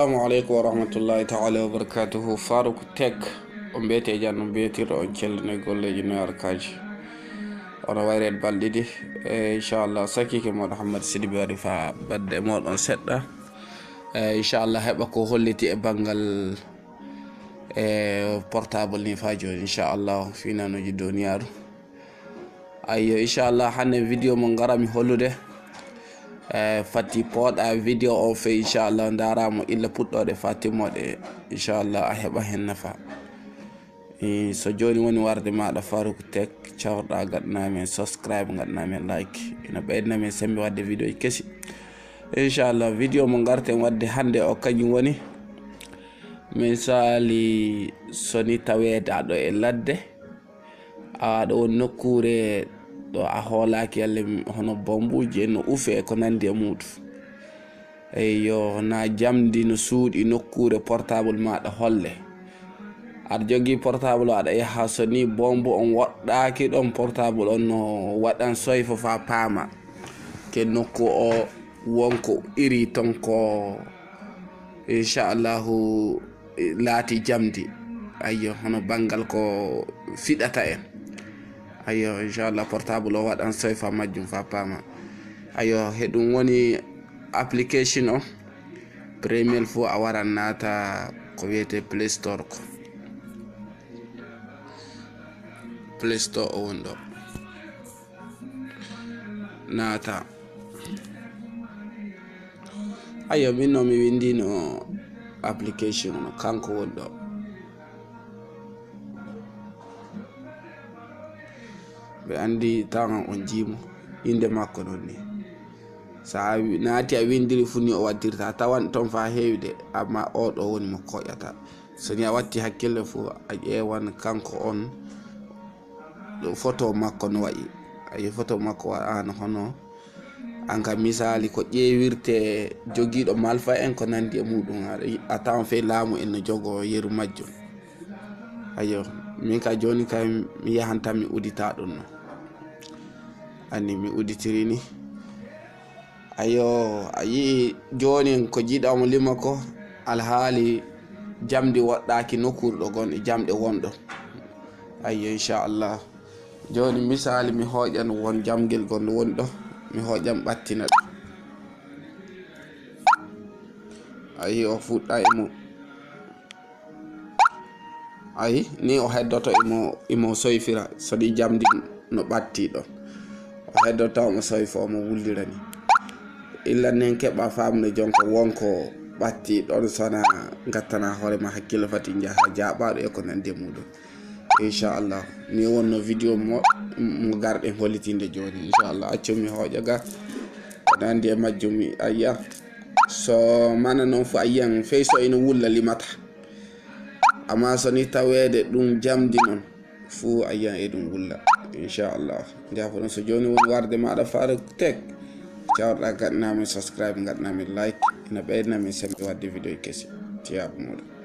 assalamu aleykum wa rahmatullahi taala wabarakatuhu farouku tek o mbiyete jan o mbiyetirɗo on cellino golleji no arkaji ono wayre en balɗe ɗi e inchallah sakike moɗo hammad sidibi waɗi fa badde moɗon seɗɗa e inchallah heɓa ko holliti e banggal e portable ni fa joni inchallah finanuji duniyaru ayyo inchallah hande vidéo mo garami hollude Eh, fati poɗa vidéo o fe inchallah daramo illa puɗɗoɗe fatimoɗe inchallah a heɓa hen nafa eh, so joni woni warde maɗa farouku tek cawrɗa gaɗanamin souscribe gaɗanamin like ina ɓeydanamin sembi wadde vidéo ji keesi inchallah vidéo mo garten wadde hande o kañum woni min sali soni tawede aɗo e ladde awaɗo woni nokkure ɗo a holaki yalle hono bambuji en no ufe e ko nandi e muɗum eyo na jamdi no suuɗi nokkure portable maɗa holle aɗa jogui portable o aɗa yaha so ni bombo on woɗɗaki ɗon portable on no waɗan soyfo fa paama ke nokku o wonko iri ton ko inchallahu laati jamdi ayo hono banggal ko fiɗata en ayo inchallah portable o waɗan soyfa majjum fa paama ayo heɗum woni application o premier fo a waran naata ko wiyete play store ko play store o woni ɗo naata ayo min no mi windino application o kanko woni ɗo ɓe anndi tawan on jiimo innde makko noon ni so a naati a winndiri fu ni o waddirta a tawan toon fa heewi de amma o ɗo woni mo koƴata so ni a watti hakkille fuu a ƴeewan kanko on ɗo photo makko no waɗi ayi photo makko wa an hono an kam misali ko ƴeewirte jogiiɗo malfa en ko nanndi e muɗum a tawan fe laamu en no jogo yeru majjum ayo min ka jooni kam mi yahan tan mi udita ɗum noon ani mi uditirini ayo a yii joni ko jiiɗamo lima ko alhaali jamdi waɗɗaki nokkurɗo gon e jamɗe wonɗo ayo inchallah joni misali mi hoƴan won jamguel gon woni ɗo mi hoƴan ɓattina ɗo ayi o fuɗɗa emo ayi ni o heddoto imo e imo e soyfira so ɗi jamdi no ɓatti ɗon haydo tawmo sowi fo mo wullirani illa nen keɓa famde jonko wonko ɓatti ɗon sona gattana hoorema hakkille fati jaaha jaɓaɗo e ko nande muɗum inchallah ni wonno vidéo mo mo garɗe holitinde joni inchallah accumi hoƴaga nandi e majjumi ayiya so mana noon fo ayiyan fey so ina wulla limata amma so ni tawede ɗum jamdi noon fuu ayiyan e ɗum wulla inchallah jafoɗon so joni woni warde maɗa faara tek jawɗa gaɗanamin subscribe gaɗanamin like ina ɓeydanamin sembe wadde vidéo kesi tiyabu muɗum